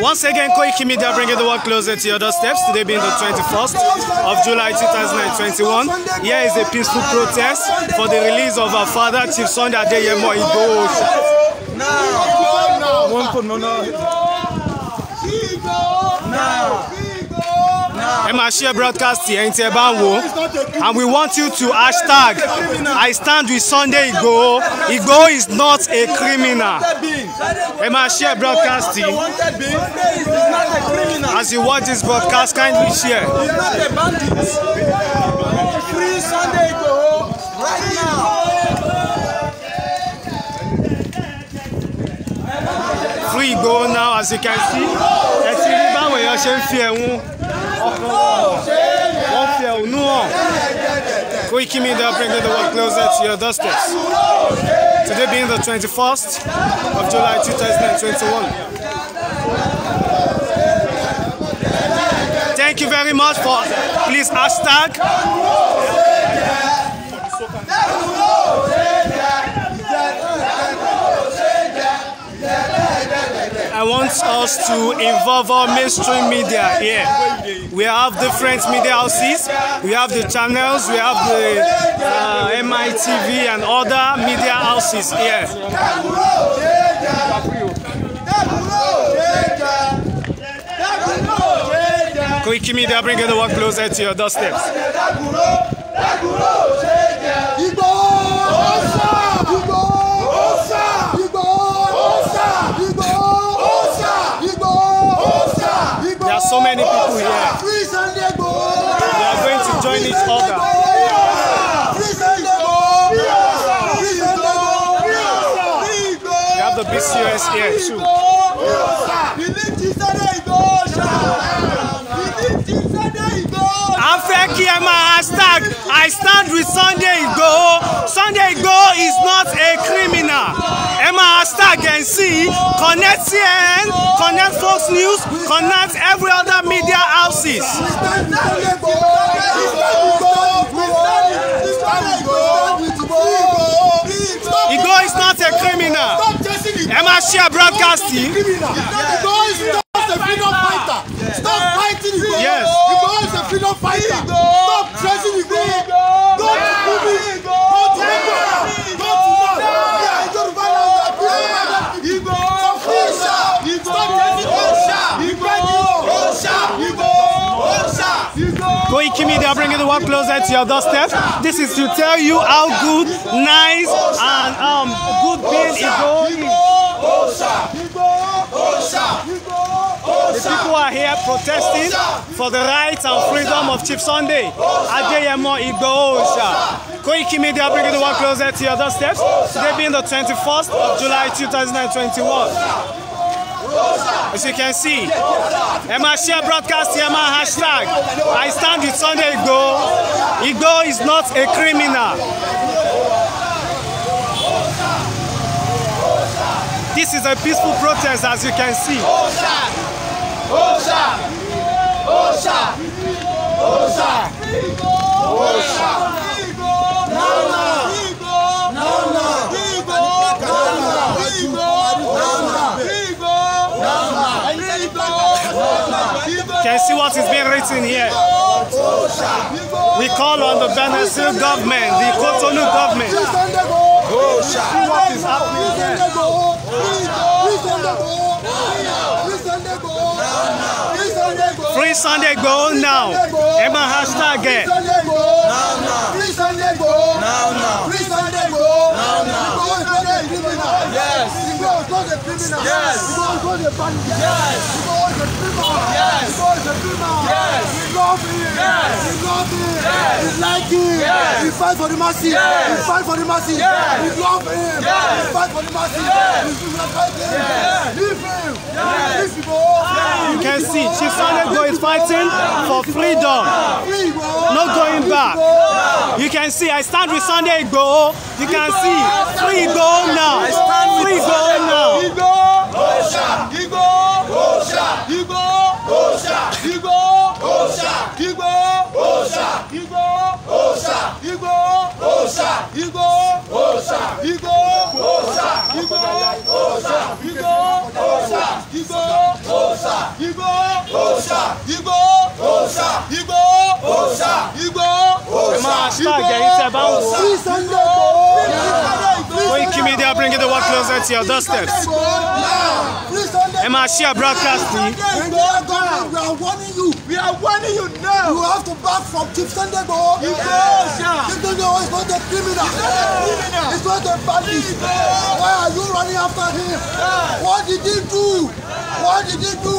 Once again, Koiki Media bringing the world closer to your doorsteps. Today being the 21st of July 2021. Here is a peaceful protest for the release of our father, Chief Sunday Adeyemo Igboho. Now, now, now ẹ máa share broadcast ẹ̀yin tí ẹ bá ń wò and we want you to hashtag I stand with Sunday Igboho Igboho is not a criminal ẹ máa share broadcast as you watch this broadcast kindly share. Free Sunday Igboho right now. Free Igboho now as you can see ẹ ti rí báwọn èèyàn ṣe ń fi ẹ̀wọ̀n. Wapya unuo Koiki Media bringing the work closer to your dusters? Today being the 21st of July 2021. Thank you very much for please hashtag I want us to involve our mainstream media here. We have different media houses, we have the channels, we have the uh, MITV and other media houses here. Quick media, bringing the work closer to your doorsteps. so many people here. They are going to join each other. We have the BCUS here too. Believe kí ẹ máa hashtag I stand with Sunday Igboho Sunday Igboho is not a criminal ẹ máa hashtag ẹ̀ ń connect CNN connect Fox News connect every other media houses. Igboho is not a criminal ẹ máa share broadcast yìí. is not a freedom fighter stop fighting Igboho freedom fighter. Stop dressing Igboho. Go to Kumi. Go to Ekora. Go to North. We are Yoruba land. We are freedom fighter people. Stop Osha. Stop dressing Osha. Igboho. Osha. Igboho. Osha. Koiki Media bringing the world closer to your doorstep. This is to tell you how good, nice, and um, good being Igboho is. Igboho. Osha. Igboho. Osha. people are here protesting for the rights and freedom of Chief Sunday. Adeyemo Igboho Osha. Koiki Media bringing the one closer to your doorsteps. Today being the 21st of July 2021. As you can see, ẹ máa share broadcast ẹ hashtag I stand with Sunday Igboho. Igboho is not a criminal. This is a peaceful protest as you can see. Òòṣà! Òòṣà! Òòṣà! Òòṣà! Can you see what is being written here? We call on the Benazir government, the Kotonu government. See what is happening here. Free Sunday go now. hashtag Free Sunday go now now. It's not a Yes. Because God is bandit. Yes. Because a criminal. Yes. Because a criminal. Yes. We love him. Yes. We love him. We like him. Yes. We fight for the mercy. Yes. We fight for the mercy. Yes. We love him. Yes. We fight for the mercy. Yes. We crucify him. Yes. Leave him. Yes. You ah. can see Chief Sanego is fighting for freedom. Not going back. You can see I stand with Sunday Igboho. You can see free Igboho now. Free Igboho now. Igbó. Òòṣà. Igbó. Òòṣà. Igbó. Òòṣà. Igbó. Òòṣà. Igbó. Òòṣà. Igbó. Òòṣà. Igbó. Òòṣà. Igbó. Òòṣà. Igbó. Òòṣà. Igbó. Òòṣà. Igbó. Òòṣà. Igbó. Òòṣà. Igbó. Òòṣà. Igbó. Òòṣà. Igbó. Òòṣà. Igbó. Òòṣà. Ẹ máa ṣáàjẹ́ yín tẹ́ bá ń wò ó. Igbó. Òòṣà. Oyin Kimi, they bring bringing the world closer to your doorstep. Ẹ máa share broadcast yìí. We are warning you. We are warning you now. You have to back from Chief Sunday Igboho. You go, Chief Sunday Igboho is not a criminal. He's not a criminal. He's not a bandit. Why are you running after him? What did he do? What did he do?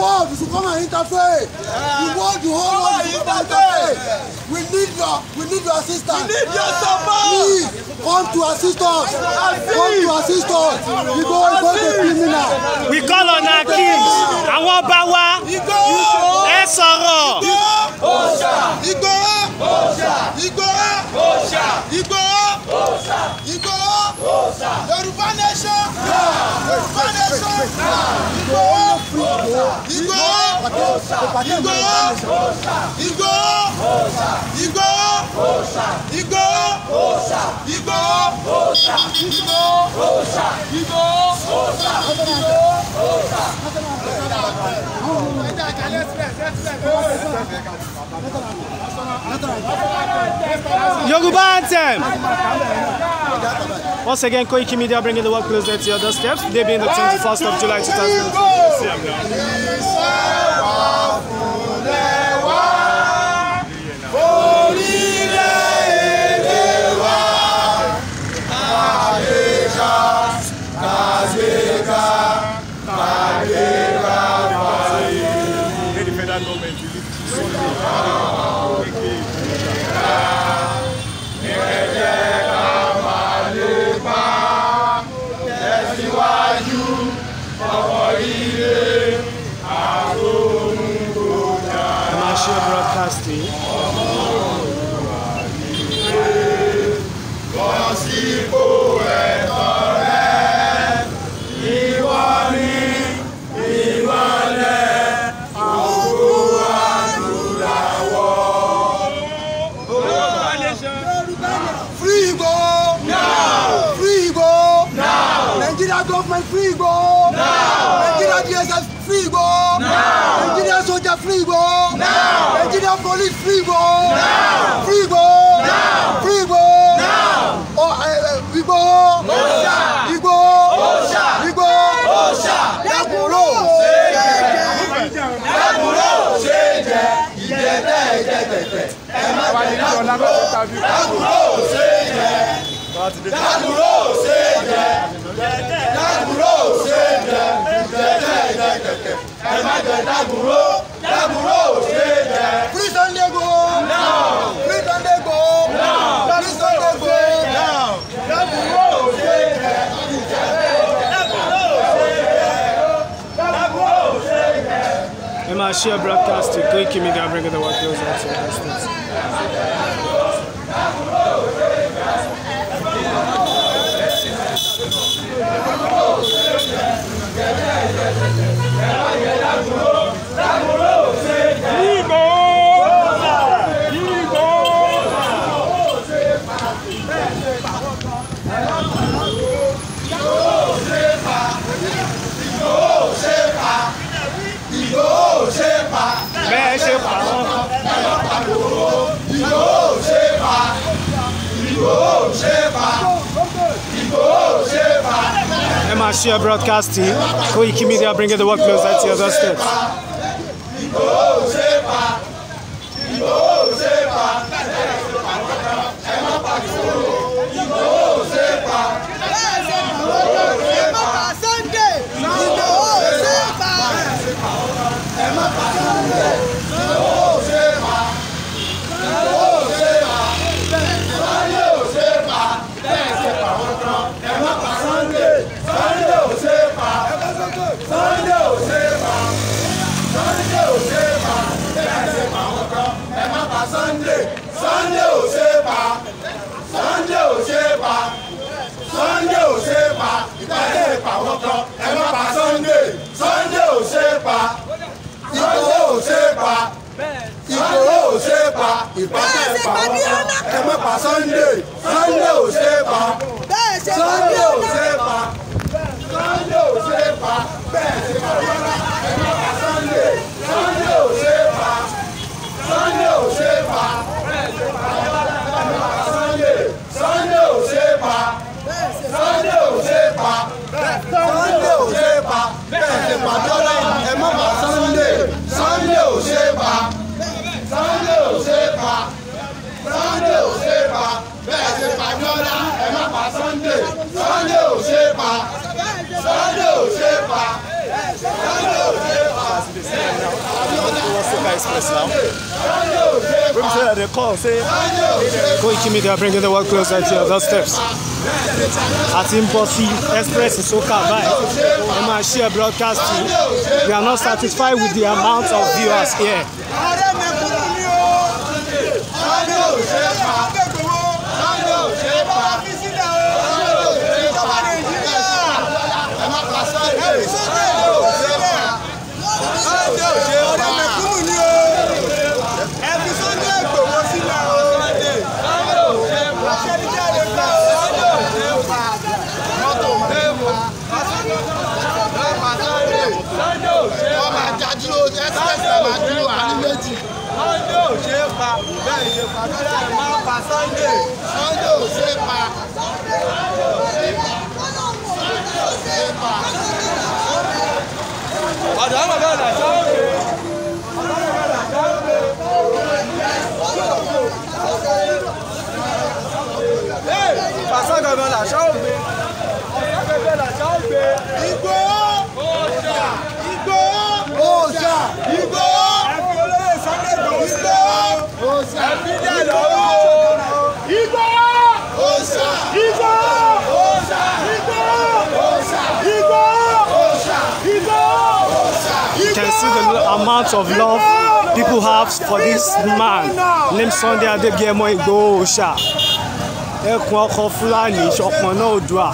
World, you should come and interfere. You want the whole world, to should come and interfere. We need your, we need your assistance. We need your support. Please come to assist us come to assist us Igboho is not a criminal. we call on our kings, àwọn ọba wa ẹ sọ̀rọ̀. Força! Igor! Força! Igor! Força! Igor! Força! Igor! Força! Igor! Força! Igor! Força! Igor! Força! Igor! Força! Yoruba anthem! Once again, Koiki Media bringing the work closer to your doorsteps. They being the 21st of July 2020. Amen. Nigerian police free Igboho. Now. Free Igboho. Now. Free Igboho. Eh, eh, we Igboho. share broadcast to Koiki Media, bringing the world closer to the States. Maxia Broadcasting, Koiki Media bringing the workflows at your doorstep. ìpàtẹ́ ìpàwọ́pá ẹ má pa Sunday Sunday ò ṣe é pa Sunday ò ṣe é pa Sunday ò ṣe é pa bẹ́ẹ̀ ṣe pa rárá ẹ má pa Sunday Sunday ò ṣe é pa Sunday ò ṣe é pa bẹ́ẹ̀ ṣe pa rárá ẹ má pa Sunday Sunday ò ṣe é pa Sunday ò ṣe é pa Sunday ò ṣe é pa bẹ́ẹ̀ ṣe pa rárá. Papa. Express now. Representative bringing the world closer to your doorsteps. Àti ń bọ̀ sí Soka báyìí. Ẹ broadcast We are not satisfied with the amount of viewers here. má pa Sunday Sunday see the amount of love people have for this man named Sunday Adéyẹmọ Ìgbòho Òòṣà ẹkùn ọkọ Fúlàní ìṣọ̀kan náà Oòduà.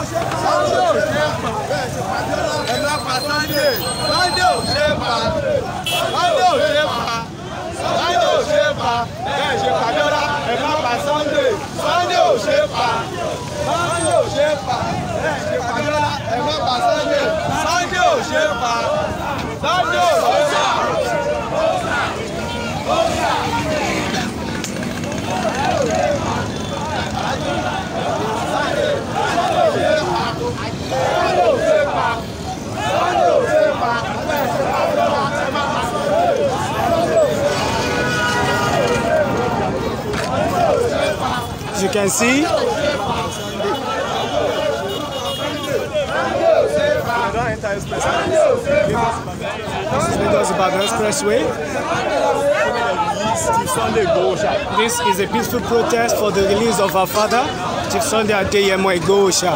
Sunday ò ṣe pa. you can see Lagos Ibadan Expressway. This is a peaceful protest for the release of our father, Chief Sunday Adeyemo Igboho.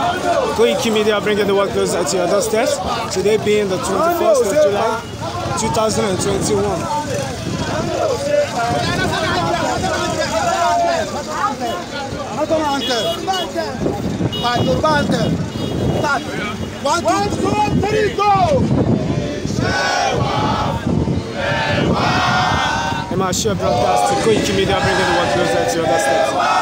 Koiki Media bringing the workers at to your doorstep. Today being the 21st of July, 2021. Avanti! Vai Turbante! Stop! One, two, One, two three, go! MR Chef broadcast to Koiki Media bringing the world closer to your doorstep.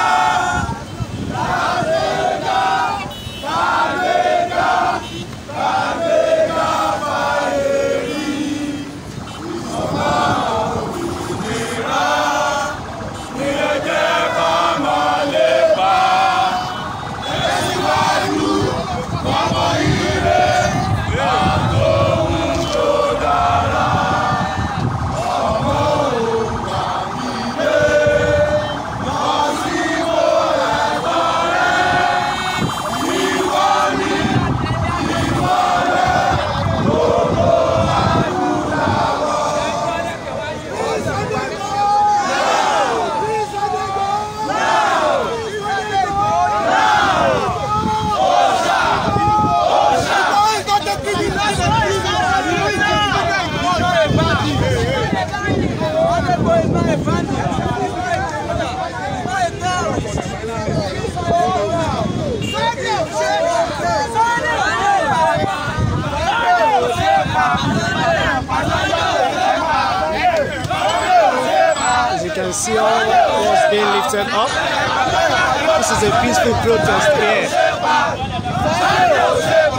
can see all was being lifted up. This is a peaceful protest here.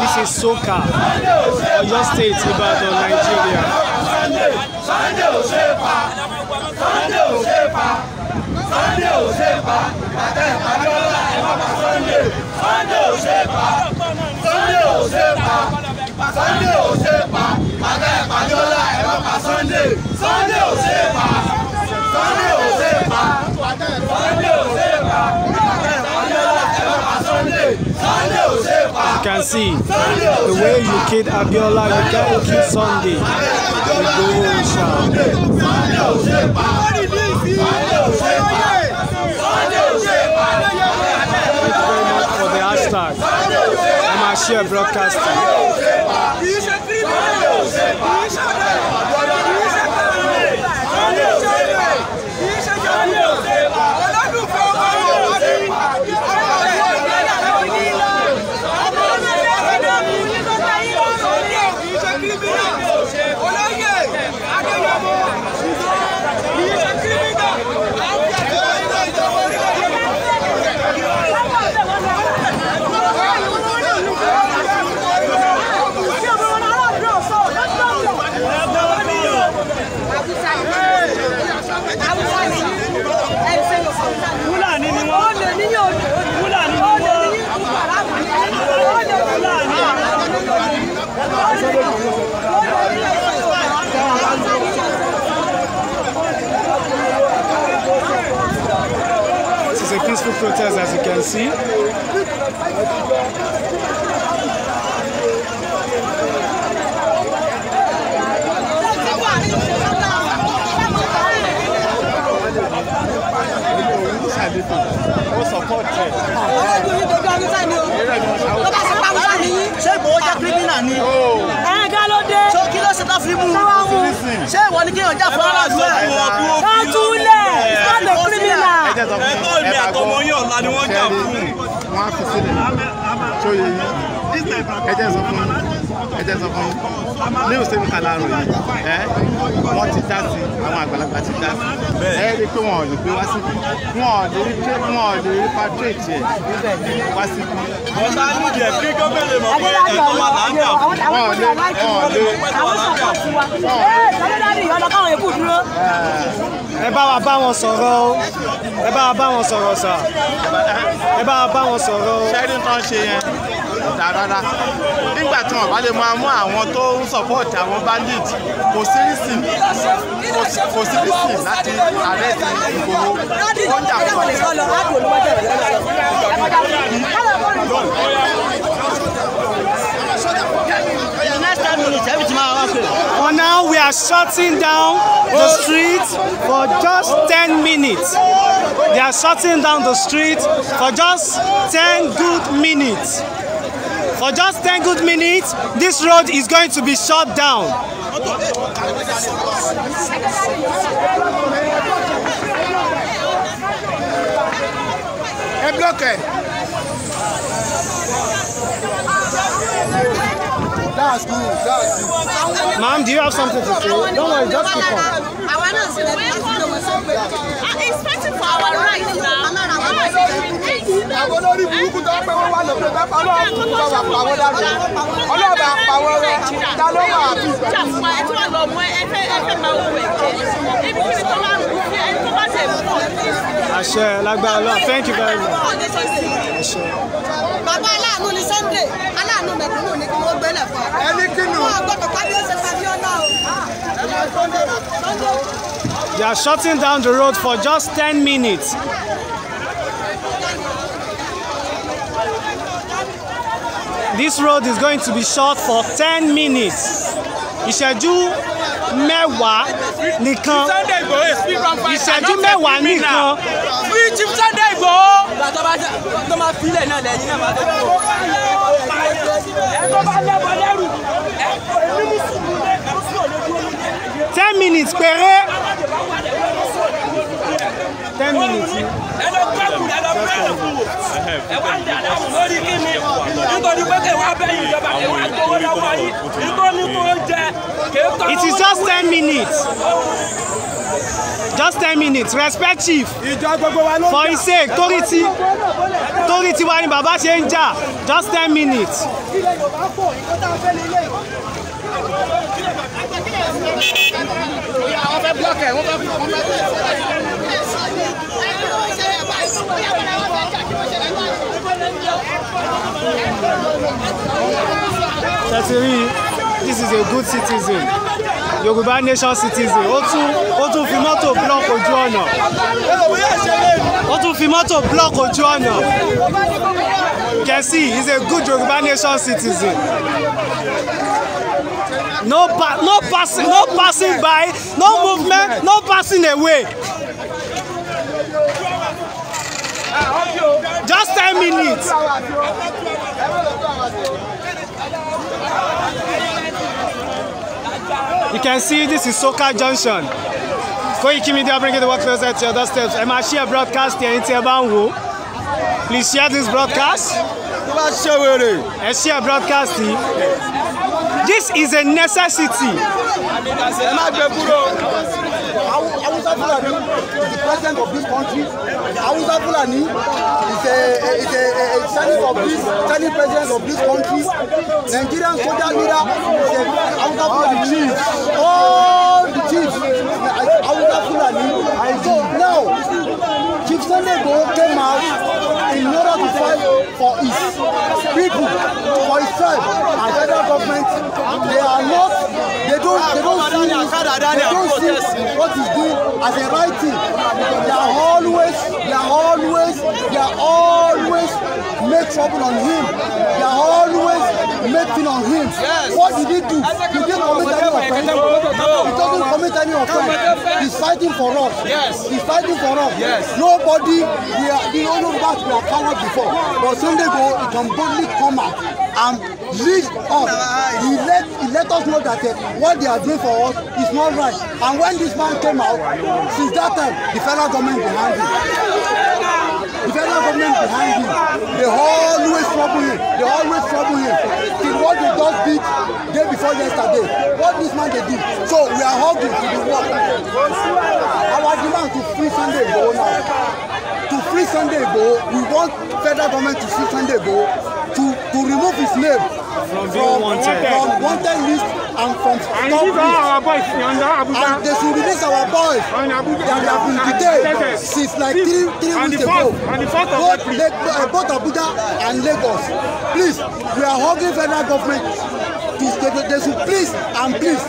This is Soka, Your State, Ibadan, Nigeria. Sunday Osepa, Sunday Osepa, Sunday Osepa, Bàtà Ìpàdọ́lá Ẹ̀fọ́pà Sunday, Sunday Osepa, Sunday Osepa, Sunday Osepa, Bàtà Ìpàdọ́lá Ẹ̀fọ́pà Sunday, Sunday Osepa. You can see the way you kid Abiola, you can't kid Sunday. you very much for the hashtag. I'm Ashia Broadcasting. peaceful protest as you can see. ṣé ìgbòho ni. kí ló ṣe tó fi ṣé ìwọ ni kéèyàn jà fún aráàlú ẹ̀ not a criminal. ẹ̀tọ́ mi àtọmọ yín ọ̀la ni wọ́n jà fún. wọ́n á fi sílẹ̀ ṣó yẹ yín ẹjẹ sọ fún ẹjẹ sọ fún ní òsèlú kalaro yìí ẹ wọ́n ti dá sí àwọn àgbàlagbà ti dá sí ẹ rí i pé wọn ò lè gbé wá síbi wọn ò lè rí wọn ò lè wá síbi ọ̀tá ẹ bá wa bá wọn sọ̀rọ̀ o ẹ bá wa bá wọn sọ̀rọ̀ sà ẹ bá wa bá wọn sọ̀rọ̀ o dá rárá nígbà tí wọn bá lè máa mú àwọn tó ń sọpọ́ọ̀tì àwọn bandit kò sí rísì kò sí rísì láti ààrẹ ti Ìgbòho ó ń jà fún For now, we are shutting down the street for just 10 minutes. They are shutting down the street for just 10 good minutes. For just 10 good minutes, this road is going to be shut down. Ẹ bloque. That's good, that's good. Ma'am, do you have something to say? Don't worry, just keep on. Ah, it's fighting for our rights now àwọn olórí burúkú tó pẹ́ wọ́n wà lọ́dọ̀ tó pa ọlọ́run kò tó wà pa wọ́n dájú ọlọ́run pa wọ́n rẹ ta ló wà á fi. ẹ tí wọ́n lọ mú ẹ fẹ́ ẹ fẹ́ máa wọ ẹ̀jẹ̀ ibi tí tó máa ń rú ẹ tó bá tẹ̀ pọ̀. àṣẹ lágbára lọ thank you very much. bàbá aláàánú ni Sunday aláàánú mẹ̀kúnnù ni kí wọ́n gbélé fún wa. ẹni kínú. wọn gbọ́dọ̀ kábíyèsí fabiola o. They are shutting down the road for just 10 minutes. this road is going to be short for ten minutes ìṣẹ́jú mẹ́wàá nìkan ìṣẹ́jú mẹ́wàá nìkan. free chief Sunday Igboho. ìgbà tó bá tó máa filẹ̀ náà lẹ́yìn náà máa tó kú. ẹ tó bá lẹ́bọ̀ lẹ́rù ten minutes péré ten minutes. It is just ten minutes. just ten minutes respect chief for his sake Toriti, Toriti, torí ti wa ni bàbá ṣe ń just ten minutes. ilé yorùbá pọ̀ nǹkan tá a fẹ́ lé ilé ìwọ̀n tẹ̀sírí this is a good citizen Yorùbá nation citizen ó tún ó tún fi mọ́tò block ojú ọ̀nà ó tún fi mọ́tò block ojú ọ̀nà Kessy is a good Yorùbá nation citizen no pa no passing no passing by no movement no passing away. Just ten minutes. You can see this is Soka Junction. Koiki Media bringing the work closer to your doorsteps. I'm máa share broadcast yẹn tí ẹ Please share this broadcast. Tó share broadcast yìí. This is a necessity. Ẹ má gbẹ kúrò. the president of this country. Hausa Fulani is a, is a, a, a standing of this, standing president of this country. Nigerian soldier leader is a Hausa Fulani. All the chiefs. All the chiefs. Hausa Fulani. And so now, Chief Sunday Igboho came out in order to fight for his people, for his tribe, and federal government. They are not they don't see what he's doing as a right thing they are always they are always they are always make trouble on him they are always making on him yes. what did he do he didn't commit any offense he doesn't commit any offense he's fighting for us yes. he's fighting for us yes. nobody we are the only back we are coward before but Sunday go he can boldly come out and Lead us. he let he let us know that uh, what they are doing for us is not right and when this man came out since that time the federal government behind him the federal government behind him dey always trouble him dey always trouble him till what they just did day before yesterday what this man dey do so we are hugging to the work our demand to free sunday igboho now to free sunday igboho we want federal government to free sunday igboho to to remove his name from, from wanted. from wanted list and from and top list our boys under Abuja. and they should release our boys and Abuja that have been detained since like three three and weeks ago both, Le uh, both Abuja and Lagos please we are hugging federal government they, they, they should please and please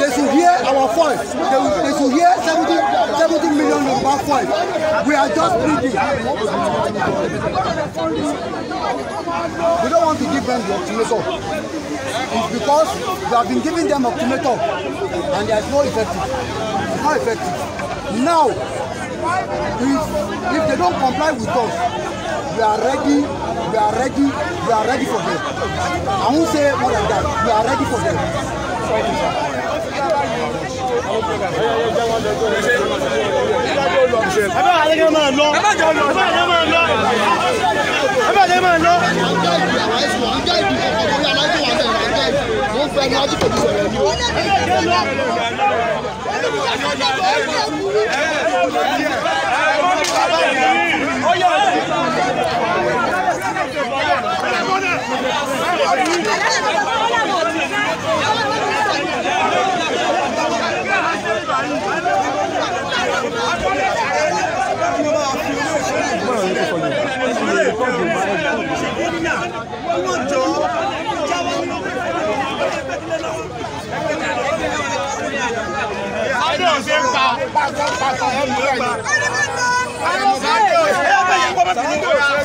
they should hear our voice they, they should hear seventy seventy million Yoruba voice we are just pleading we don't want to give them the ultimatum it's because we have been giving them ultimatum and they are no effective no effective now if if they don't comply with us we are ready we are ready we are ready for them i won say more than that we are ready for them. ẹ bá àlẹ́ kẹ́ máa lọ ẹ bá àlẹ́ máa lọ ẹ bá àlẹ́ máa lọ ẹni ọdún kò dúró ẹni o. Thank you ọdún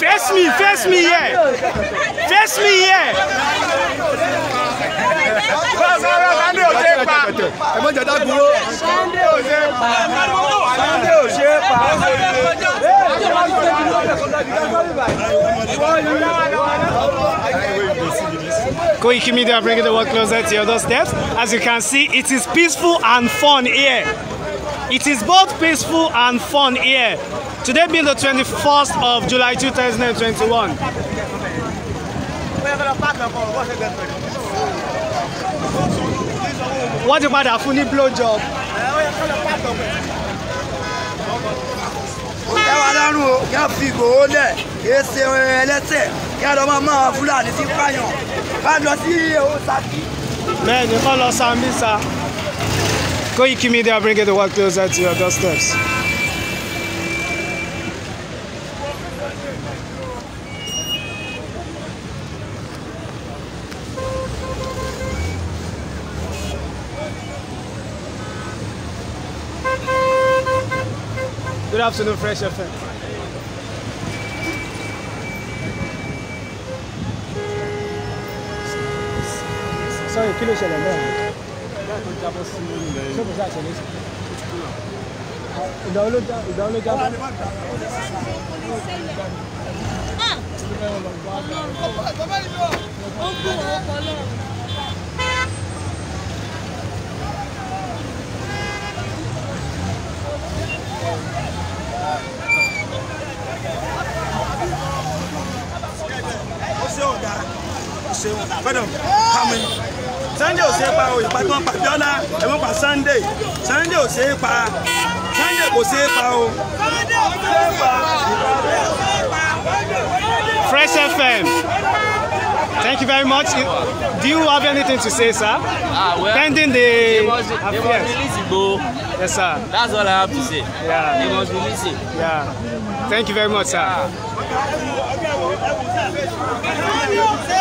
Face me, face me here. Face me here. Bọ́sọ̀rọ̀ Sande ò ṣe pa. Ẹ̀gbọ́n jẹ̀dá gbúrò. Sande ò ṣe pa. Sande ò ṣe pa. Koiki Media bringing the world closer to your doorsteps. As you can see, it is peaceful and fun here. It is both peaceful and fun here. Today being the 21st of July 2021. What about a funny blowjob? ó tẹ́ wa lọ́rùn o kí á fi Ìgbòho lẹ̀ kí é ṣe ẹlẹ́sẹ̀ kí á lọ máa máa Fúlàní sí pààyàn ká lọ sí owó Ṣakí. bẹ́ẹ̀ ni kọ́ lọ Sambisa Koiki Media bring it the world closer to your doorsteps. Good afternoon, Fresh FM. Sorry, kí ló ṣẹlẹ̀ náà? Ìgbà tó jábọ́ sí ilẹ̀ yìí. Ṣé kò sáà ṣẹlẹ̀ sí? Ìgbà wo ló jábọ́? Ó gún ọkọ̀ náà. Thank you. ṣeun kàmí Sunday ò ṣe pa o ìpa tó ń pa Sunday Sunday ò ṣe pa Sunday kò ṣe pa o. Fresh FM. Thank you very much. Do you have anything to say, sir? Ah, well, Pending the they must, release Igboho. Yes, sir. That's all I have to say. Yeah. They must release it. Yeah. Thank you very much, yeah. sir. Ah.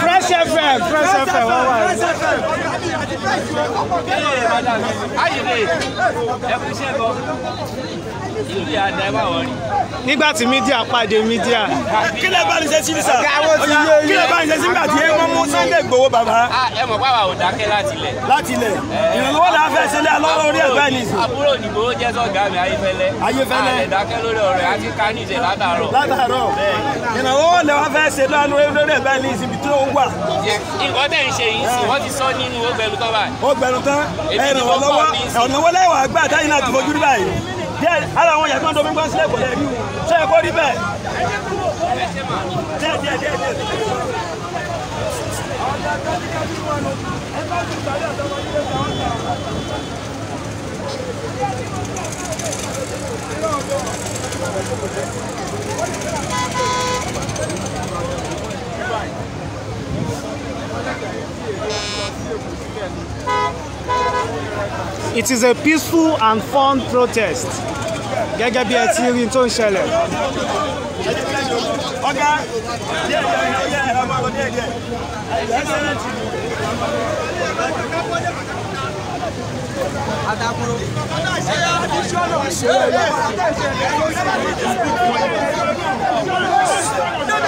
fresh fm fresh fm wọ́n wà ní. ayé ẹ kú iṣẹ́ lọ nígbà tí mídíà pàdé mídíà. kí lè bá ní ṣe síbi sàn. kí lè bá ní ṣe síbi àti ẹ̀wọ̀n mú Sunday Igboho bàbá. Ah, ẹ mọ̀ pàwọ̀ ò dákẹ́ láti ilẹ̀. láti ilẹ̀ eh, ìrànlọ́wọ́ la fẹ́ ṣe lé alọ́wọ́ orí ẹ̀gbẹ́ ni. àbúrò òyìnbó jẹ́ sọ́gà mi ayéfẹ́lẹ́. ayéfẹ́lẹ́. àlẹ́ lórí ọ̀rẹ́ àti látàárọ̀. látàárọ̀ ìrànlọ́wọ́ la fẹ́ ṣe lọ́wọ́ díẹ̀ ara àwọn yàtọ̀ tó fi ń gbọ́n sílẹ̀ kò lè rí o ṣé ẹ kó rí bẹ́ẹ̀. díẹ̀ díẹ̀ díẹ̀ díẹ̀. ọ̀dà kájíkà bí wọn lò ẹ bá ti Thank you. It is a peaceful and fun protest. Gẹ́gẹ́ bí ẹ ti rí tó ń ṣẹlẹ̀. Ọ̀gá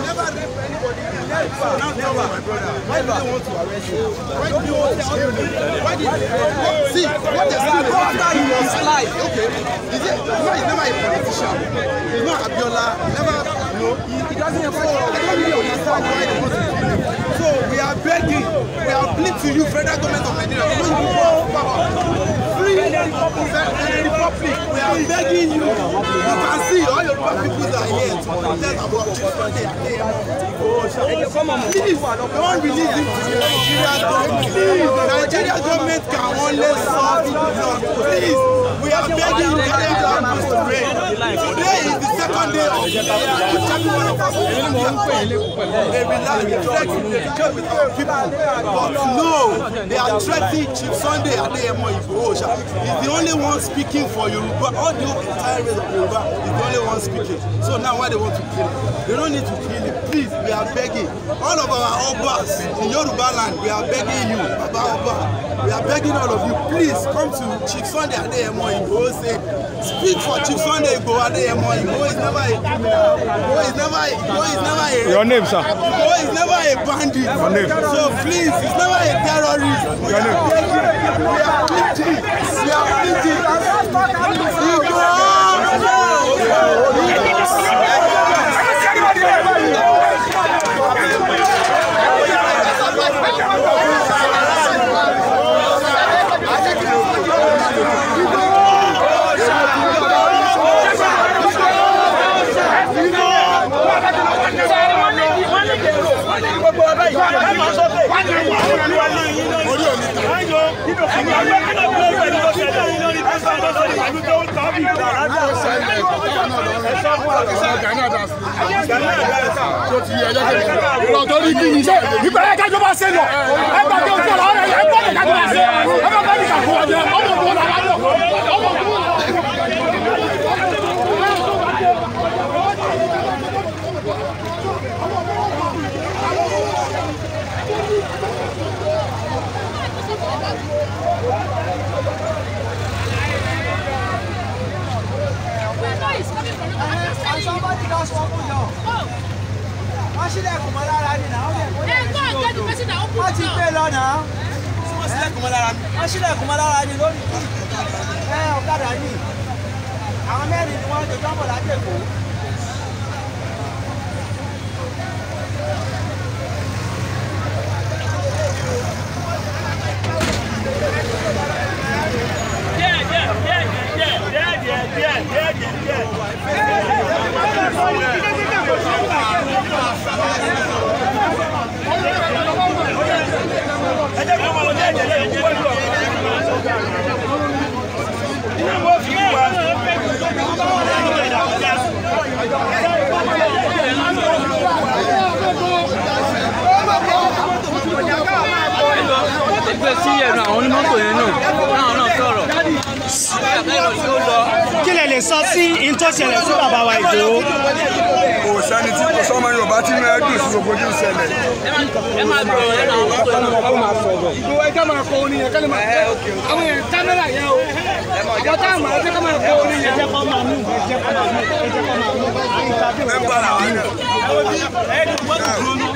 never rape anybody. Never, never. Why do they want to arrest you? Why do you want to kill him? Why did you see what they said after he was alive? Okay, is it? No, he's never a politician. He's not Abiola. Never, you know. He, doesn't have. So I don't really understand why they want to kill him. So we are begging, we are pleading to you, federal government of Nigeria, don't give up power. Free the republic, the republic. We are begging you. You can see all Yoruba people are here to protest about children oh, they Please, don't release him to the Nigerian government. Please, the government can only solve the Please, we are begging the carry your to pray. Today is the second day of the January festival here. They rely threatening they come with our people. But no, they are threatening Chief Sunday Adeyemo Igboho Oòṣà. He's the only one speaking for Yoruba. All the entire race of Yoruba is the only one speaking. So now why they want to kill him? They don't need to kill him. Please, we are begging. All of our Obas in Yoruba land, we are begging you, Baba Oba. We are begging all of you, please come to Chief Sunday Adeyemo Igboho Speak for Chief Sunday Igboho Adeyemo. Igboho is never a is never is never a. Your name, sir. Igboho is never a bandit. Your name. So please, it's never a terrorist. We Your name. We are pleading. We are pleading. Igboho. ó ní kí ni iṣẹ́ ìgbà yẹn bá ṣe lọ ẹ gbà tó tó lọ ẹ gbọ́ lè kájọ bá ṣe ẹ bá bá mi kà ọjọ́ ọmọ tó lọ wájọ lọ. Thank you. is coming from you. And somebody just opened door. Oh. Wọ́n sílẹ̀ kò mọ́ lára mi náà. Ẹ gbọ́ ọ̀gá ni pẹ́sìtà ó kú náà. Wọ́n ti gbé lọ náà. Wọ́n sílẹ̀ kò mọ́ lára mi. Wọ́n sílẹ̀ kò mọ́ lára mi lórí kí. Ẹ ọ̀kadà yìí. Àwọn mẹ́rin ni wọ́n jọ jọ́mọ̀ láti Èkó. Yeah, yeah, yeah, yeah, yeah gbé sí ẹ̀rọ àwọn onímọ́tò yẹn náà náà náà kí lè lè sọ sí in tó ṣẹlẹ̀ sí bàbá wa Ìgbòho. kò sẹ́ni tí kò sọ́mọ Yorùbá tí mo dùn sí gbogbo ojú ṣẹlẹ̀. ẹ máa bọ̀ ẹ máa wọ́n tó ẹ máa sọ̀rọ̀. Ìgbòho ẹ ká máa kọ orin yẹn kẹ́lẹ́ máa kọ eh, àwọn yẹn kámẹ́rà yẹn o àwọn táwọn máa ṣe ká máa kọ orin yẹn. ẹ jẹ́ kó máa mú ẹ jẹ́ kó máa mú ẹ jẹ́ kó máa mú. ẹ ń bára wa náà.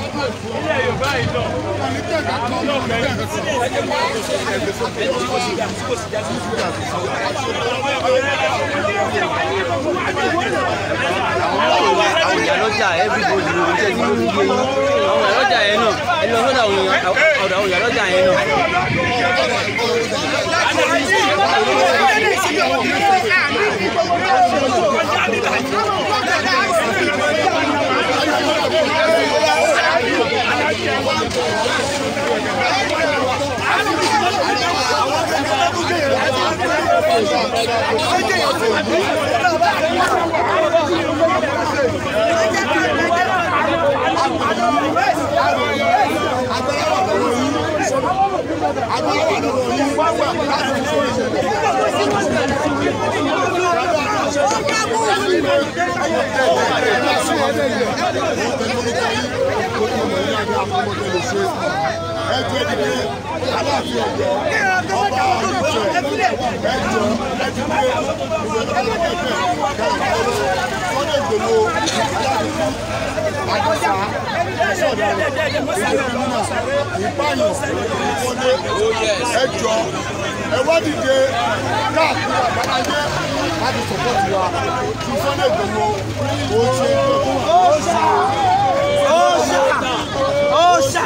ilé yorùbá ìjọ àwọn èèyàn lọ́jà everybody ló ń jẹ́ ní lórí iye àwọn èèyàn lọ́jà yẹn náà ẹ lọ sọ́dọ̀ àwọn èèyàn lọ́jà yẹn náà. Agbára wà agbára lọ́wọ́ yìí wá wà láti ṣe ìṣẹ̀lẹ̀. Thank you ẹjọ́ ìdílé aláàfin ọ̀gbẹ́ ọba ìjọ ẹjọ́ ẹjọ́ ìdílé ìgbẹ́lọ́gbẹ́ kẹ̀kẹ́ sọ́dọ̀ ìgbòho aláàfin àjọsà sọ̀dọ̀ ìgbòho mímọ̀ ìpáyọ̀ ìwọlé ẹjọ́ ẹwọ́ dìde káàkiri àgbáláyé láti sọ̀pọ̀tì wa tí sọ́dọ̀ ìgbòho ó ṣe ó ṣe ó ṣe.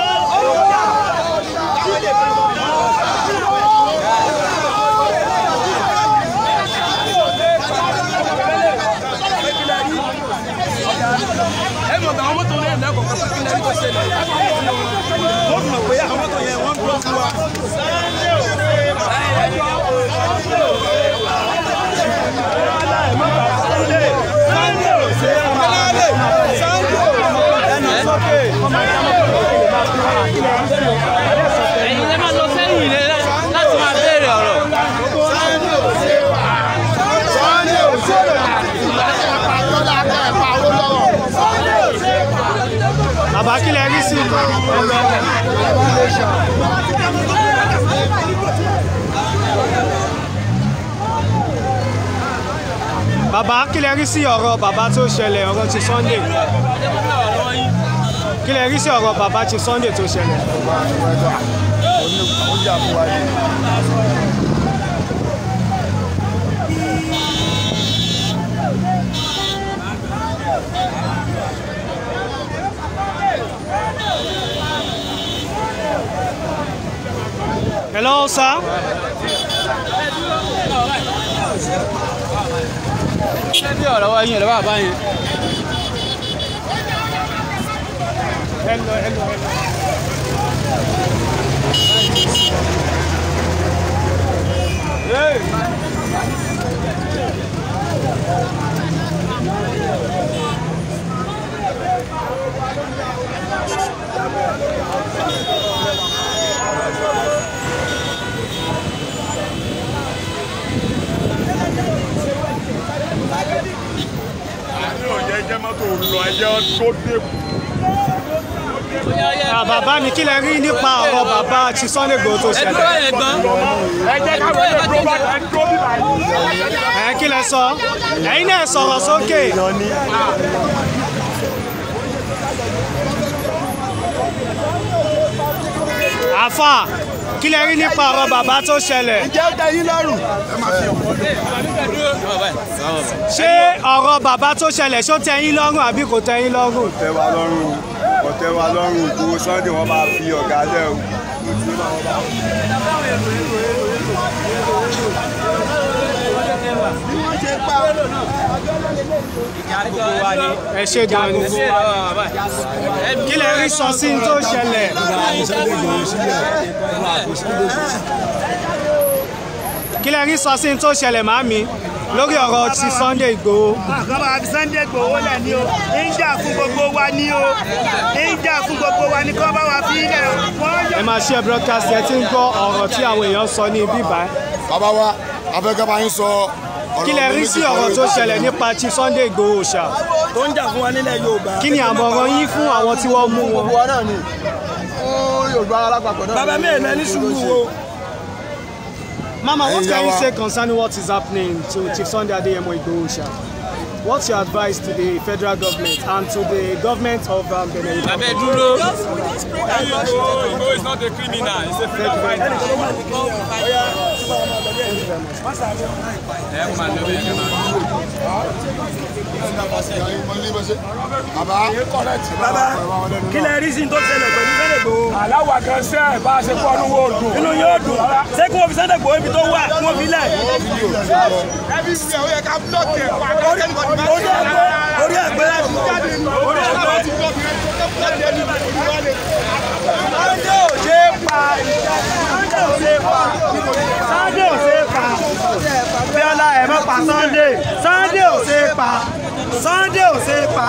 ó mọ̀ pé àwọn ń gbọ́ fún Yorùbá kí lẹ rí sí ọ̀rọ̀. bàbá kí lẹ rí sí ọ̀rọ̀ bàbá tó ṣẹlẹ̀ ọ̀rọ̀ ti Sunday kí rí sí ọ̀rọ̀ bàbá ti Sunday tó ṣẹlẹ̀. Hello, sir. Hello, hello, hello. Hey! jẹ́ mọ́tò lọ ẹjẹ́ tó dẹ́kù. Ah, bàbá mi kí lẹ rí nípa ọ̀rọ̀ bàbá ti Sunday Igboho tó ṣẹlẹ̀. ẹ kí lẹ sọ ẹ̀yin náà sọ̀rọ̀ sókè. àfà kí lẹ rí nípa ọ̀rọ̀ bàbá tó ṣẹlẹ̀. ǹjẹ́ ó tẹ́ yín lọ́rùn. ṣé ọ̀rọ̀ bàbá tó ṣẹlẹ̀ ṣó tẹ́ yín lọ́rùn àbí kò tẹ́ lọ́rùn. kò tẹ́ wa lọ́rùn kò tẹ́ wa lọ́rùn Ìgbòho Sunday wọ́n bá fi ọ̀gá lẹ́ ẹ ṣe gan kí lè rí sọ sí tó ṣẹlẹ̀. kí lè rí sọ sí tó ṣẹlẹ̀ màámi lórí ọ̀rọ̀ ti Sunday Igboho. àkọ́bà àfi Sunday Igboho lẹ̀ ni o ń jà fún gbogbo wa ni o ń jà fún gbogbo wa ni kọ́ bá wa fi ilẹ̀ o. ẹ máa ṣe broadcast ẹ ti ń gbọ́ ọ̀rọ̀ tí àwọn èèyàn sọ ní bíbá. bàbá wa afẹ́kẹ́ máa ń sọ kí rí sí ọ̀rọ̀ tó ṣẹlẹ̀ nípa ti Sunday Igboho ṣá. tó ń jà fún wa nílẹ̀ Yorùbá. kí ni àmọ̀ràn yín fún àwọn tí wọ́n mú wọn. bàbá mi ẹ̀ lẹ́ sùúrù o. Mama, what can you say concerning what is happening to Chief Sunday Adeyemo Igboho ṣá? What's your advice to the federal government and to the government of um, Benin? Abeg dúró. Igbo is not a criminal, he's a freedom fighter. Thank you very much bàbá kí lẹ rí tó ṣẹlẹ̀ pẹ̀lú Sunday aláwa kan sẹ́ ẹ̀ bá a ṣe pọ́nú wo dùn. inú yóò dùn ṣé kí wọ́n fi Sunday ibi tó wà kí wọ́n fi lẹ̀. orí ẹgbẹ́ orí ẹgbẹ́. Sunday ò ṣe é pa Sunday ò ṣe é pa Sunday ò ṣe é pa pa bíọ́lá ẹ̀ mọ́ pa Sunday Sunday ò ṣe é pa Sunday ò ṣe é pa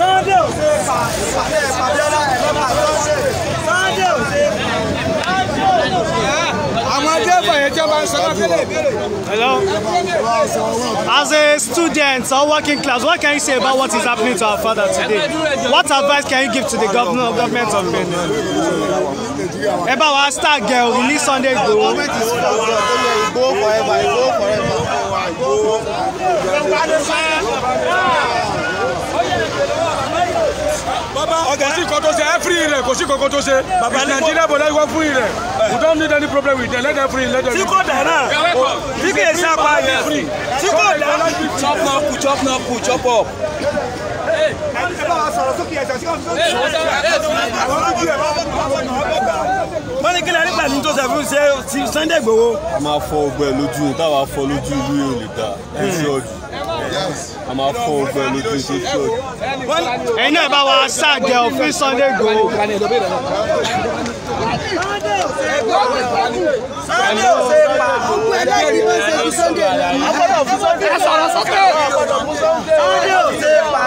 Sunday ò ṣe é pa ìpàdé ẹ̀ pa bíọ́lá ẹ̀ mọ́ pa Sunday Sunday ò ṣe é pa. as a student or working class what can you say about what is happening to our father today what advice can you give to the governor government of Benin ẹ bá wa star girl release Sunday Igboho. Igboho forever forever. bàbá ọ̀gá sí kò tó ṣe ẹ free rẹ kò sí kòkó tó ṣe bàbá nàìjíríà bọ̀dá ìwọ free rẹ we don't need any problem with them let them free let them. tí kò dára tí kò sábà yẹ tí kò dára. chop na ku chop na ku chop up ẹ bá wa sọ̀rọ̀ sókè ẹ̀sẹ̀ sí ọ̀sán àwọn ojú ẹ̀ bá wọn àwọn ọ̀gbọ̀n gbà. wọ́n ní kílẹ̀ nígbà tí joseph ń ṣe ti Sunday Igboho. a máa fọ ogbẹ lójú táwa fọ lójú ìlú yóò lè dá ní ṣọ́ọ̀dù a máa fọ ogbẹ lójú ní ṣọ́ọ̀dù. ẹ̀yin náà bá wa ṣáàjẹ òfin Sunday Igboho. Sunday ò ṣe pa ọgbẹ́ ẹlẹ́yìn ló ṣe fún Sunday. a gbọ́dọ̀ fún Sunday. ẹ sọ̀rọ̀ a gbọ́dọ̀ fún Sunday. Sunday ò ṣe pa.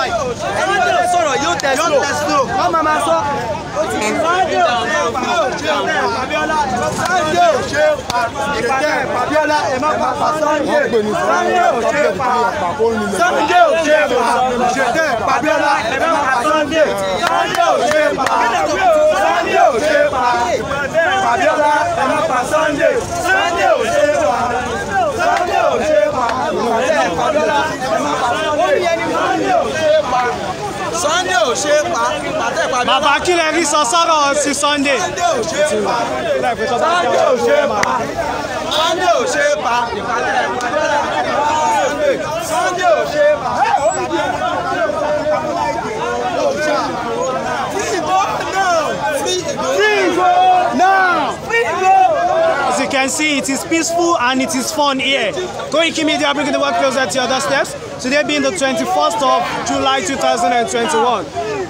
báyìí ẹni tó lè sọ̀rọ̀ yóò tẹ̀ slow wọ́n máa ma sọ. Sunday Fabiola Sunday òṣè ìpàdé Fabiola ẹ má pa pa Sunday Sunday òṣè pa Sunday òṣè pa ìṣètè Fabiola ẹ má pa Sunday Sunday òṣè pa Sunday òṣè pa Fabiola ẹ má pa Sunday Sunday òṣè. bàbá kí rí sọ sọ́rọ̀ sí Sunday. Sunday ò ṣe pa Sunday ò ṣe pa Sunday ò ṣe pa. As you can see, it is peaceful and it is fun here. Koiki Media bringing the world closer to your doorsteps. Today being the 21st of July 2021.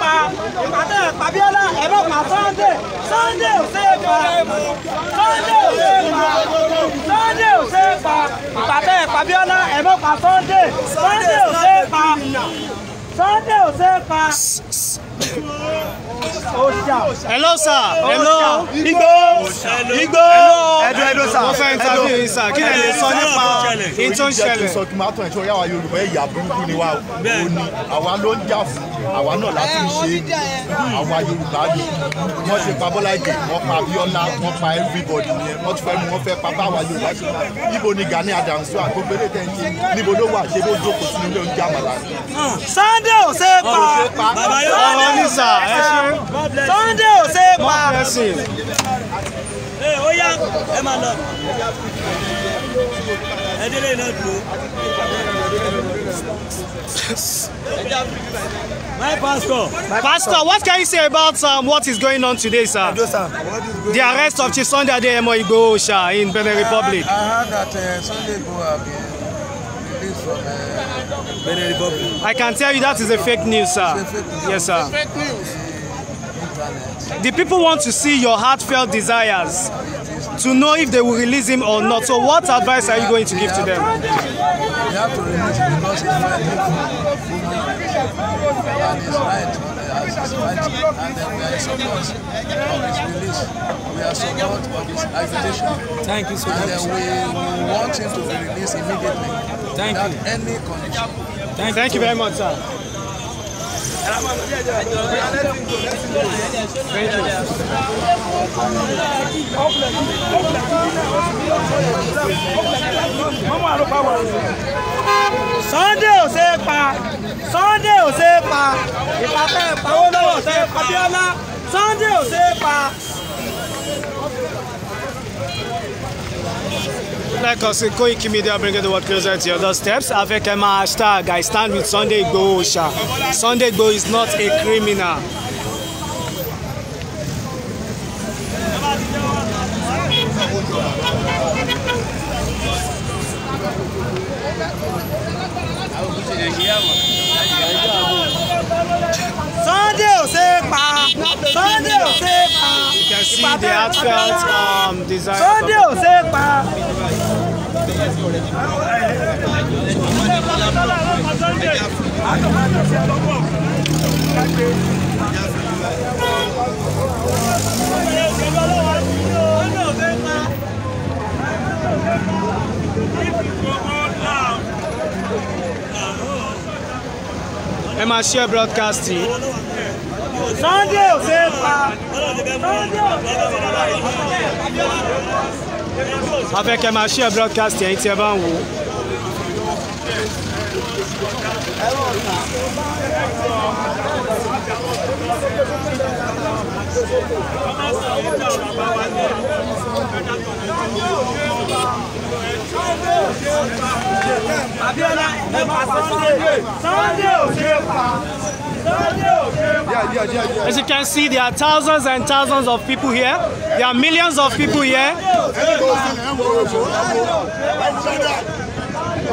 pa ìpàdé pàbíọ́lá ẹ má pa Sunday Sunday ò pa Sunday ò ṣeé pa Sunday ò ṣeé pa ìpàdé pàbíọ́lá ẹ má pa Sunday Sunday ò pa Sunday ò ṣeé pa hello sir hello igbó igbó ẹdọ ẹdọ sir mo fẹ́ interview yín sir kí ẹ lè sọ nípa in sọ kí n máa tọ̀ ẹ̀ ṣọ́ yàrá yorùbá ẹ̀yà burúkú ni wa ò ní àwa ló ń jà fún àwa náà láti ṣe àwa yorùbá ni wọ́n ṣe pa bọ́lá ìdè wọ́n pa abiola wọ́n pa everybody yẹn wọ́n ti fẹ́ mú wọn fẹ́ pa báwa yorùbá ṣe wà níbo ni Gani Adams wà gbogbo eré níbo ló wà ṣe ló jókòó sínú ilé oúnjẹ àmàlà. Sunday ò ní Sunday ò ṣe é pa. ó yá ẹ máa lọ ẹ délé náà dúró. My pastor. My pastor, what can you say about um, what is going on today, sir? Hello, sir. The arrest of Chief Sunday Adeyemo Igboho, sir, in Benin Republic. I heard that uh, Sunday Igboho have been Benin Republic. I can tell you that is a fake news, sir. It's a fake news. Yes, sir. It's fake news. The people want to see your heartfelt desires to know if they will release him or not. So what advice are you going to give to them? They have to release him because he's and he's right. right, And then we are in support of his release. We are support for his agitation. Thank you so much. And then we, we want him to be released immediately. Thank without you. any condition. Thank, Thank you very much, sir. Sunday ò ṣe é pa Sunday ò ṣe é pa ìpàtẹ́ ìpàwọ́ lọ́wọ́ ṣe é pa Abíọ́lá Sunday ò ṣe é pa. Like us, Koiki Media bringing the word closer to your steps, avec my hashtag I stand with Sunday Igboho Osha. Sunday Igboho is not a criminal. Sunday ò ṣe é pa Sunday ò ṣe é pa can see the heartfelt um, desire. Sunday ò ṣe pa. ẹ share broadcasting. Sunday ò ṣe é pa Sunday ò ṣe é pa. a fẹ́ kẹ́ máa ṣe broadcast yẹn tí ẹ bá ń wò. Abiola ẹ pa Sunday Sunday ò ṣe é pa. As you can see, there are thousands and thousands of people here. There are millions of people here.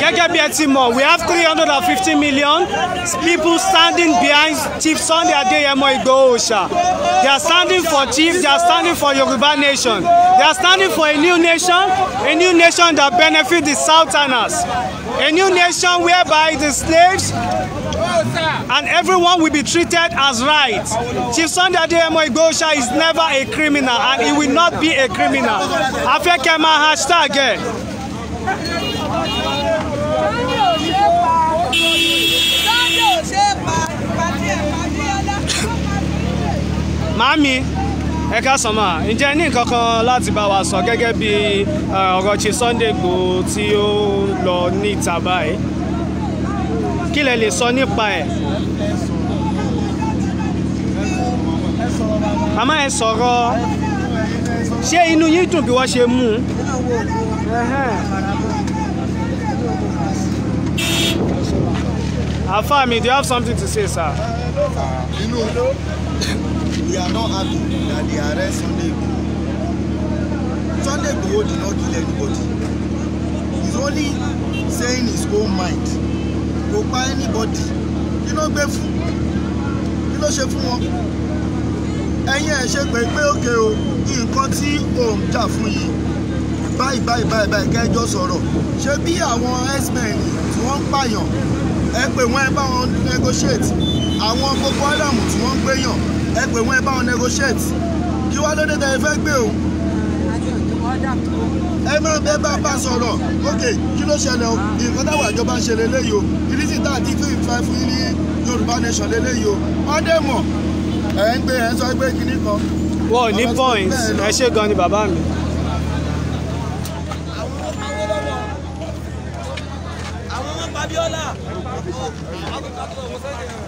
gẹ́gẹ́ bí ẹ ti mọ̀ we have three hundred and fifty million people standing behind Chief Sunday Adeyemo Igboho Oòṣà they are standing for Chief they are standing for Yoruba nation they are standing for a new nation a new nation that benefit the Southerners a new nation whereby the slaves and everyone will be treated as right. Chief Sunday Adeyemo Igbohosa is never a criminal and he will not be a criminal. Afẹ́kẹ́ máa hashtag Mami, Màámi ẹ káàsán máa ǹjẹ́ ní nǹkan kan láti bá wa sọ Sunday Igboho tí ó lọ ní ìta kí lẹ lè sọ nípa ẹ̀. màmá ẹ sọ̀rọ̀ ṣé inú yín dùn bí wọ́n ṣe mú un. Afami, do you have something to say, sir? Uh, no, we are not happy that they arrest Sunday Igboho. Sunday Igboho did not kill anybody. He's only saying his own mind kò pa anybody kí ló gbé fún kí ló ṣe fún wọn ẹ̀yin ẹ̀ ṣe pé pé òkè o nǹkan tí òun jà fún yìí báyìí báyìí báyìí báyìí kẹjọ sọ̀rọ̀ ṣé bí àwọn x-men tí wọ́n ń pààyàn ẹ pè wọ́n ẹ bá wọn negotiate àwọn Boko Haram tí wọ́n ń gbéyàn ẹ pè wọ́n ẹ bá wọn negotiate kí wá lóde tẹ ẹ fẹ́ gbé o. àjọ ìjọba ọ̀dà tó ẹ máa bẹ bá bá sọ̀rọ̀ ok kí ló ṣẹlẹ̀ o nǹkan táwọn àjọba ń ṣe lélẹ́yìí o ìrísí tá àti fún ìfẹ́ fún ní Yorùbá nation lélẹ́yìí o wọ́n dẹ̀ mọ̀ ẹ̀ ń gbé ẹ̀ ń sọ pé kinní kan. wọ́n ò ní point ẹ ṣe gan ni bàbá mi. àwọn ọmọ Abíọ́lá àwọn ọmọ Abíọ́lá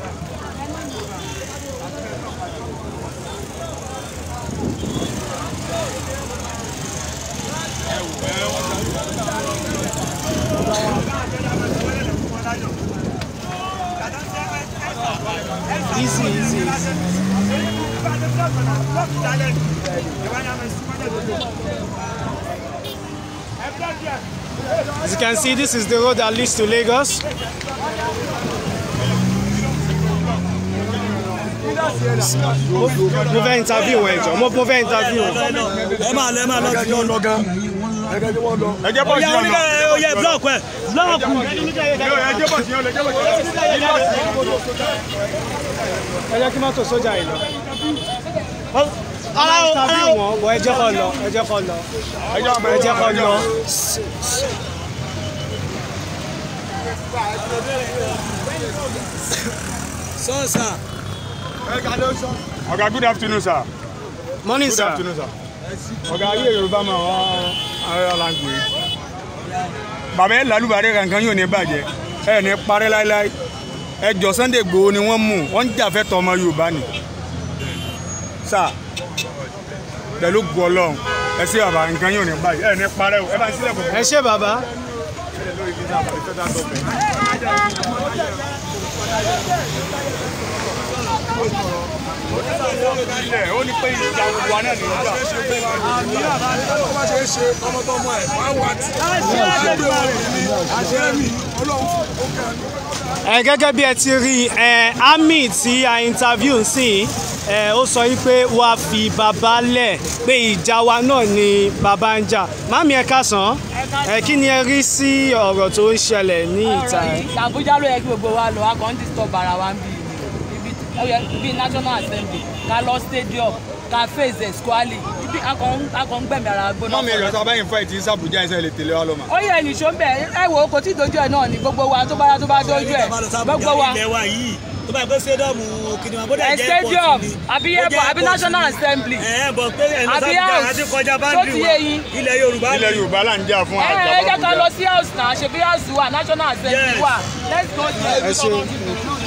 As you can see, this is the road that leads to Lagos. mo interview ẹ̀jọ̀ mo interview ẹ̀jẹ̀ tí wọ́n lọ. ẹ̀jẹ̀ bọ̀ sí ọ̀nà ọ̀yà oníkẹ́ oyè blọọkù ẹ̀ blọọkù. ẹ̀jẹ̀ bọ̀ sí ọ̀nà ẹ̀jẹ̀ bọ̀ sí ọ̀nà. ẹ̀jẹ̀ kí má tó sójà yìí lọ. aláwọ̀ aláwọ̀ wọ ẹ̀jẹ̀ kọ lọ ẹ̀jẹ̀ kọ lọ ẹ̀jẹ̀ kọ lọ. sọ sir. ọ̀gá good afternoon sir. morning sir. good afternoon sir ọ̀gá ayé yorùbá máa wá ara language. bàbá ẹ lálùbàdé kankan yóò ní bàjẹ́ ẹ ní parẹ́ láéláé ẹjọ́ Sunday Igboho ni wọ́n mú wọ́n ń jàfẹ́ tọ́ ọmọ yorùbá ni sà pẹ̀lú gọlọ́n ẹ ṣé bàbá nǹkan yóò ní báyìí ẹ ní parẹ́ o ẹ bá ń sílẹ̀ kọ̀ọ̀kan. ẹ ṣé bàbá. Thank you é ṣe ọmọdọ́mọ ẹ̀ máa wà tí. àṣẹ mi àṣẹ mi ọlọ́run ó kẹ́ ẹ gẹ́gẹ́ bí ẹ ti rí ẹ Ami tí a interview ń sìn ẹ ó sọ yìí pé wàá fi bàbá lẹ̀ pé ìjà wa náà ni bàbá ń jà màmí ẹ kásán ẹ kí ni ẹ rí sí ọ̀rọ̀ tó ń ṣẹlẹ̀ ní ìta. ọ̀rọ̀ yìí Àbújá ló yẹ kí gbogbo wa lọ a kàn ń disturb ara wa ń bí ó yẹ bíi national assembly ká lọ stadium ká face ẹ̀ squally ibi akọ̀ ń gbẹ̀mí ara gbóná. mọ́mí ìlọ sábà yìí fún ẹ̀ tí ń sàbújá ẹsẹ̀ lè tẹ̀lé wa lọ mà. ó yẹ nìṣó bẹ̀ ẹ wo kò tí dojú ẹ̀ náà ni gbogbo wa tó bá yá tó bá dojú ẹ̀ gbogbo wa. tó bá yẹ pé stadium kìnìún àbúdá jẹ́ airport ni. stadium àbí airport àbí national assembly. ẹ bọ pé ẹ lọ sábà àti kọjá báńdì wa ilẹ̀ Yorùbá ilẹ̀ Yorùbá là ń jà fún àjàbọ̀ ẹ ẹ jẹ́ ká lọ sí house náà ṣe bí house wa national assembly wa let's go to the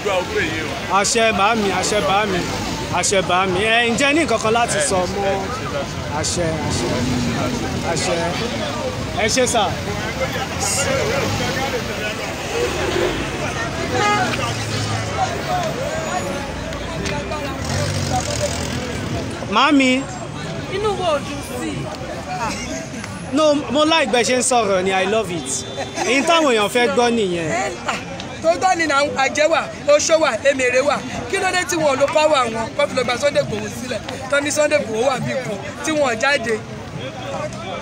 Oòduà ògbè yìí o. àṣẹ bàámi àṣẹ bàámi àṣẹ bàámi ẹ ǹjẹ́ ní nǹkan kan láti sọ mọ́ àṣẹ àṣẹ àṣẹ ẹ ṣe sà. màámi. inú wo dùn sí i no mo like bẹ ṣe ń sọ̀rọ̀ ni i love it èyí táwọn èèyàn fẹ́ gbọ́ nìyẹn tó bá ní àjẹ́ wà oṣó wà emèrè wà kí ló dé tí wọn lo pàwọ́ àwọn kó fi lọ gba Sunday Igboho sílẹ̀ tó Sunday Igboho wà bí ipò tí wọn jáde.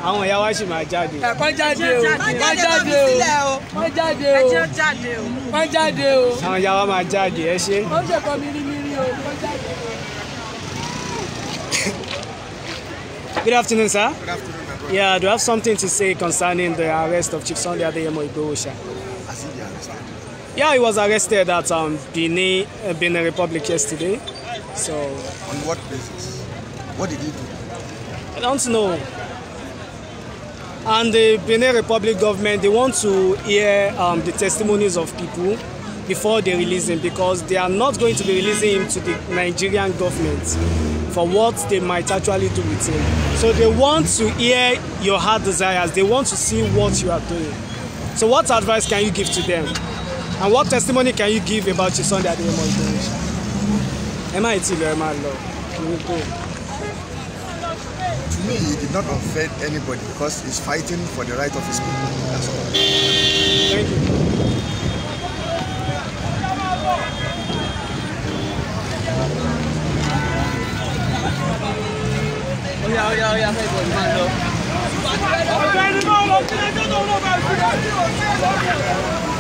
àwọn ìyá wa sì máa jáde. ẹ kàn jáde o kàn jáde o kàn jáde o kàn jáde o àwọn ìyá wa máa jáde ẹ ṣe. ó ṣe kọ́ mírímírí o kàn jáde o. Good afternoon, sir. Good afternoon, my brother. Yeah, do you have something to say concerning the arrest of Chief Sunday Adeyemo Igboho? Yeah, he was arrested at um, Benin, uh, Benin Republic yesterday. So. On what basis? What did he do? I don't know. And the Benin Republic government, they want to hear um, the testimonies of people before they release him because they are not going to be releasing him to the Nigerian government for what they might actually do with him. So they want to hear your heart desires. They want to see what you are doing. So what advice can you give to them? and what testimony can you give about Sunday Adéyẹmọ Ìgbòho ẹ má tí ì lọ ẹ má lọ To me, he did not offend anybody because he's fighting for the right of his people. That's all. Thank you. Oh yeah, oh yeah, oh yeah! máa lọ. Ọ̀gbẹ́ni bọ́ọ̀lù ọ̀gbẹ́ni tó tó ń lọ bá ìfúnná sí òṣèlú.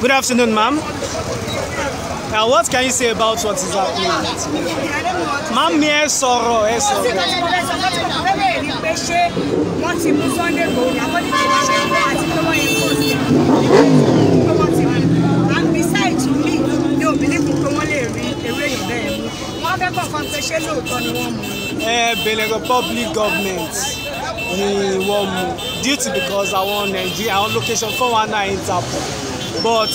Good afternoon, ma'am. Now, what can you say about what is happening? Ma'am, ẹ sorrow, eh, sorrow. pé ṣé wọ́n ti mú Sunday Igboho according to ṣe pé àti pé wọ́n yẹ post pé wọ́n ti mú and besides me ni obìnrin kò wọ́n lè rí eré èèyàn bẹ́ẹ̀ wọ́n fẹ́ kọ̀ọ̀kan pé ṣé lóòótọ́ ni wọ́n mú. ẹ Benin Republic government ni wọ́n mú due to because àwọn Nigeria àwọn location four one nine interpol but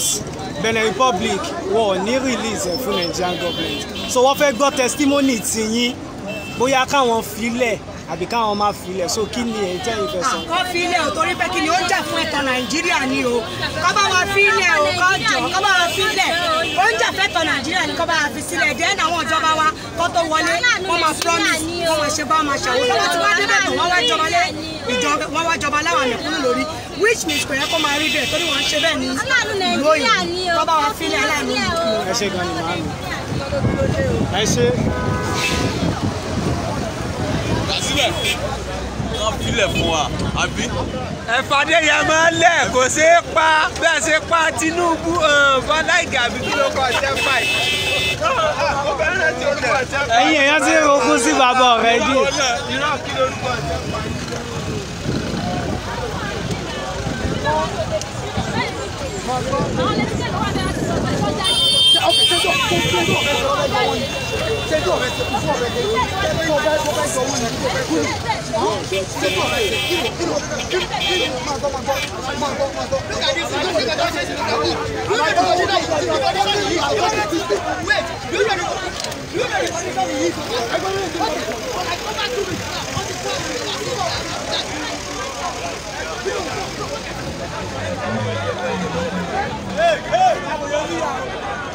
Benin Republic wọn ò ní release ẹ fún Nigerian government so wọ́n fẹ́ gbọ́ testimony tiyín bóyá káwọn filẹ̀ àbí káwọn máa filẹ̀ so kí ni èyí ìfẹ́ sọ. Ah, kọ́ filẹ̀ o torí pé kí ni ó ń jà fún ẹ̀tọ́ nàìjíríà ni o kọ́ bá wa filẹ̀ o kọ́ jọ kọ́ bá wa filẹ̀ ó ń jà fẹ́tọ̀ nàìjíríà ni kọ́ bá wa fi sílẹ̀ dẹ́n àwọn ìjọba wa kọ́ tó wọlé wọ́n máa promise wọ́n máa ṣe bá máa ṣàwó lọ́wọ́ tí wọ́n á débẹ̀ tó wọ́n wá jọba láwọn ẹ̀kúnnù lórí which means kò yẹ kó máa rí bẹ́ẹ̀ torí wọ́n ṣe bẹ́ẹ̀ ní ìlú òyìn kọ́ bá wa filẹ̀ aláàánú. ẹ ṣe gan ni màámi ẹ ṣe sílẹ̀ wọ́n filẹ̀ fún wa àbí. ẹ̀fàdé yẹn máa ń lẹ̀ kò ṣeé pa bẹ́ẹ̀ ṣe pa Tinubu Bọ́lá Ìgè kí ló kọ́ ṣe fà ẹ̀yin èèyàn ti rogún sí bàbá ọ̀rẹ́ jù. Thank you. ṣé Hey, hey, I'm going to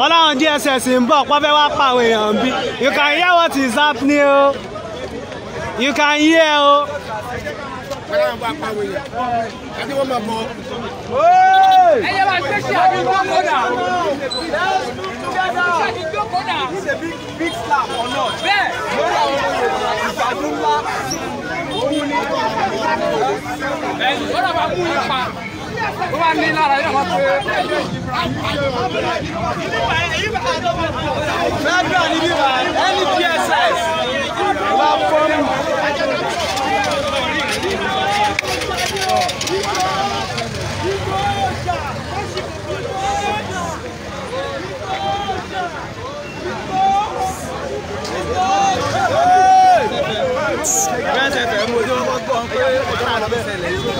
wọ́n láwọn DSS ń bọ̀ wọ́n fẹ́ wá èèyàn bí you can hear what is happening o you can hear o. wọ́n láwọn bá mú un pa tó bá ní lára yóò máa pe. fẹ́ẹ́dúrà ní bíbá ẹni DSS la fọ́n. Gbẹ́sẹ̀ tẹ̀ ń bójú ọgbọ́n pé ọ̀gá àlọ́ bẹ́sẹ̀ lẹ́yìn.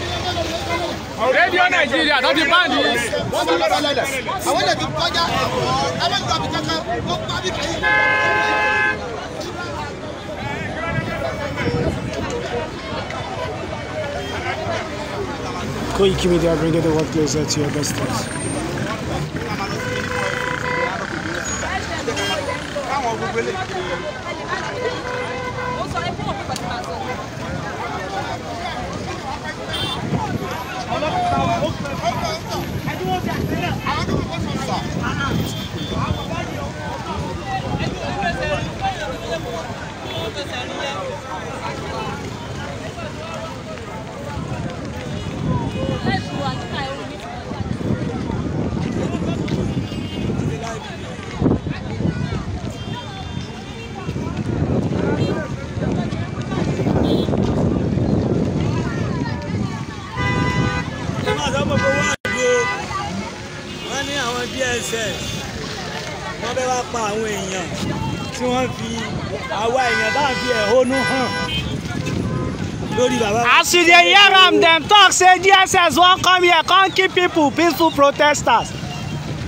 rédíò nàìjíríà tó ti báńdì. wọ́n ti lọ́dọ̀ lọ́dọ̀ àwọn lè fi kọjá ẹlẹ́gbẹ̀ẹ́ àbí kankan ó pa bí kàyé. Koiki Media bringing the world closer to your doorstep. Káwọn gbogbo eléyìí. Thank you. tí wọ́n fi àwa èèyàn bá fi ẹ̀hónú hàn lórí bàbá. as you dey hear am dem talk say dss wan come here come keep people peaceful protesters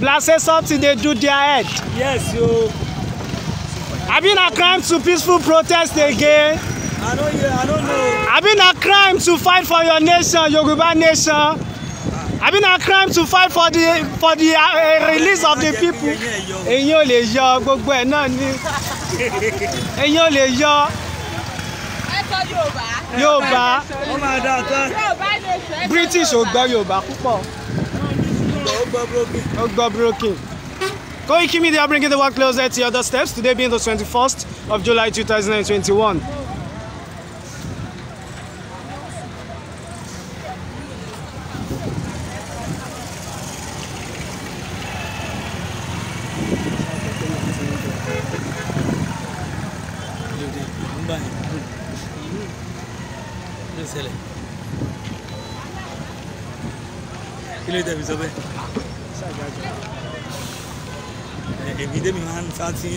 like say something dey do their head. yes o. abi na crime to peaceful protest again. i no hear i no know. abi na crime to fight for your nation yoruba nation. I mean, a crime to fight for the for the uh, uh, release of the people. Ẹ̀yin ò lè yọ gbogbo ẹ̀ náà ni. Ẹ̀yin ò lè yọ. Ẹ sọ Yorùbá. Yorùbá. Ó máa dá ọ̀tá. Yorùbá lè sọ. British ò gbọ́ Yorùbá púpọ̀. Ó gbọ́ broken. Ó gbọ́ broken. Koiki Media bringing the work closer to your steps. today being the 21st of July 2021.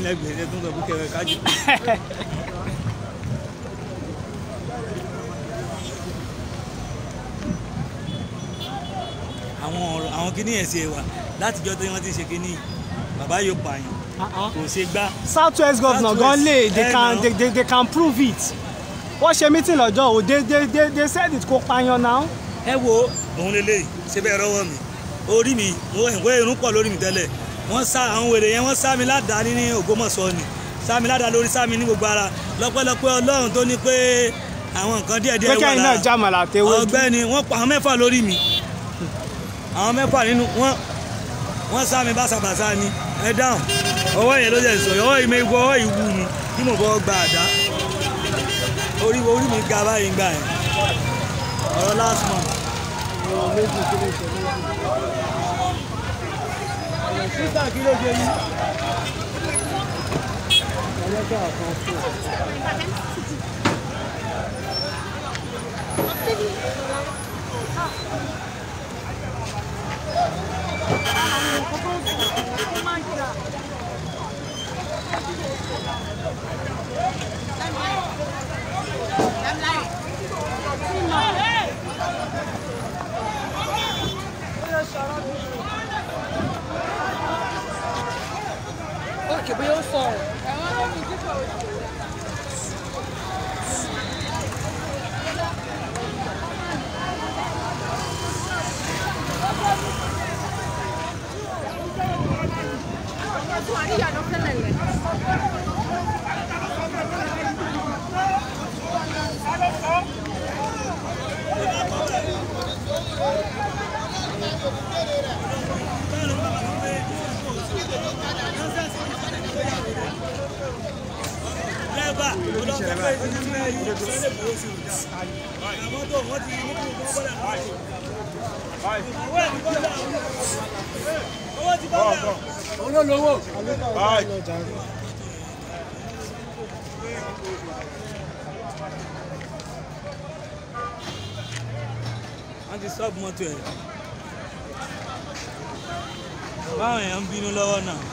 lẹ́gbẹ̀ẹ́ ẹ̀ tó ń sọ pé kẹrẹ kájì. àwọn ọ̀rọ̀ àwọn kìíní ẹ̀ ṣe wà látijọ́ tí wọ́n ti ṣe kìíní bàbá yóò pààyàn uh-huh. kò ṣe gbá. south west governor gan lè they can they, they, they can prove it wọ́n ṣe meeting lọ́jọ́ o they they they they said it kò pààyàn náà. ẹ wo òun lélẹ́yìí ṣe bẹ́ẹ̀ rọ́wọ́ mi orí mi ìwé irun pọ̀ lórí mi tẹ́lẹ̀ wọ́n sá àwọn wèrè yẹn wọ́n sá mi ládàá ní Ògbómọ̀ṣọ́ ni sá mi ládàá lórí sá mi ní gbogbo ara lọ́pẹ́lọpẹ́ Ọlọ́run tó ní pé àwọn nǹkan díẹ̀ díẹ̀ wà lára ọ̀gbẹ́ni wọ́n pa àwọn mẹ́fà lórí mi àwọn mẹ́fà nínú wọn wọ́n sá mi báṣabàṣá ni ẹ dáhùn ọwọ́ yẹn ló jẹ́ sọ ọwọ́ yìí mi gbọ́ ọwọ́ yìí wù mí bí mo bọ́ gba àdá orí orí mi ga báyìí gbà yẹn ọ̀rọ̀ last month sísà kí ló ṣe yí. ṣètò ẹ̀ báwọn èèyàn ń bínú lọ́wọ́ náà.